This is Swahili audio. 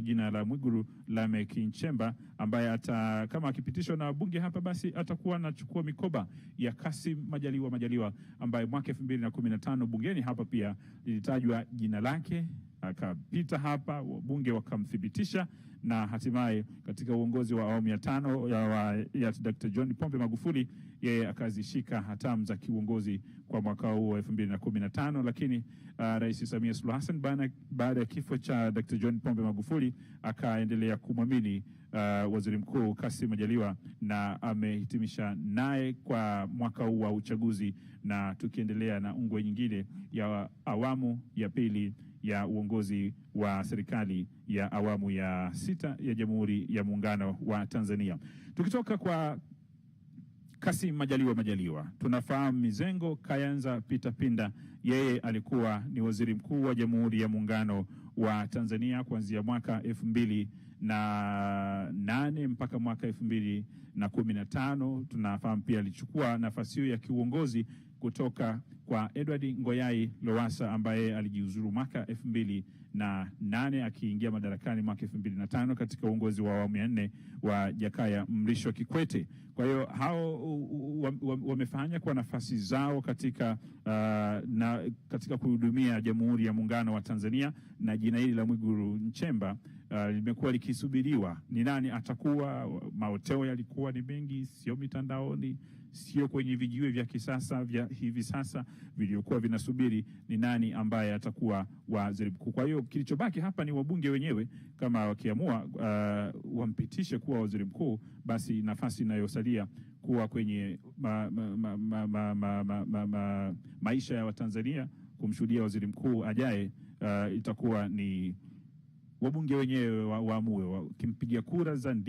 kwa jina la Mwigulu Lameck Nchemba ambaye ata kama akipitishwa na bunge hapa basi atakuwa anachukua mikoba ya Kassim Majaliwa Majaliwa ambaye mwaka 2015 bungeni hapa pia lilitajwa jina lake akapita hapa, wabunge wakamthibitisha, na hatimaye katika uongozi wa awamu ya tano ya, wa, ya Dr. John Pombe Magufuli yeye akazishika hatamu za kiuongozi kwa mwaka huu wa 2015, lakini uh, Rais Samia Suluhu Hassan baada ya kifo cha Dr. John Pombe Magufuli akaendelea kumwamini uh, Waziri Mkuu Kassim Majaliwa na amehitimisha naye kwa mwaka huu wa uchaguzi, na tukiendelea na ungwe nyingine ya awamu ya pili ya uongozi wa serikali ya awamu ya sita ya Jamhuri ya Muungano wa Tanzania. Tukitoka kwa Kassim Majaliwa Majaliwa, tunafahamu mizengo kayanza pinda yeye alikuwa ni waziri mkuu wa Jamhuri ya Muungano wa Tanzania kuanzia mwaka elfu mbili na nane mpaka mwaka elfu mbili na kumi na tano. Tunafahamu pia alichukua nafasi hiyo ya kiuongozi kutoka kwa Edward Ngoyai Lowassa ambaye alijiuzuru mwaka elfu mbili na nane akiingia madarakani mwaka elfu mbili na tano katika uongozi wa awamu ya nne wa Jakaya Mrisho Kikwete. Kwa hiyo hao wamefanya kwa nafasi zao katika, uh, na katika kuhudumia Jamhuri ya Muungano wa Tanzania, na jina hili la Mwigulu Nchemba uh, limekuwa likisubiriwa ni nani atakuwa. Maoteo yalikuwa ni mengi, sio mitandaoni, sio kwenye vijiwe vya kisasa vya hivi sasa vilivyokuwa vinasubiri ni nani ambaye atakuwa waziri mkuu. Kwa hiyo kilichobaki hapa ni wabunge wenyewe, kama wakiamua uh, wampitishe kuwa waziri mkuu, basi nafasi inayosalia kuwa kwenye ma, ma, ma, ma, ma, ma, ma, ma, ma, maisha ya Watanzania kumshuhudia waziri mkuu ajaye. Uh, itakuwa ni wabunge wenyewe waamue wa, wa, wakimpigia kura za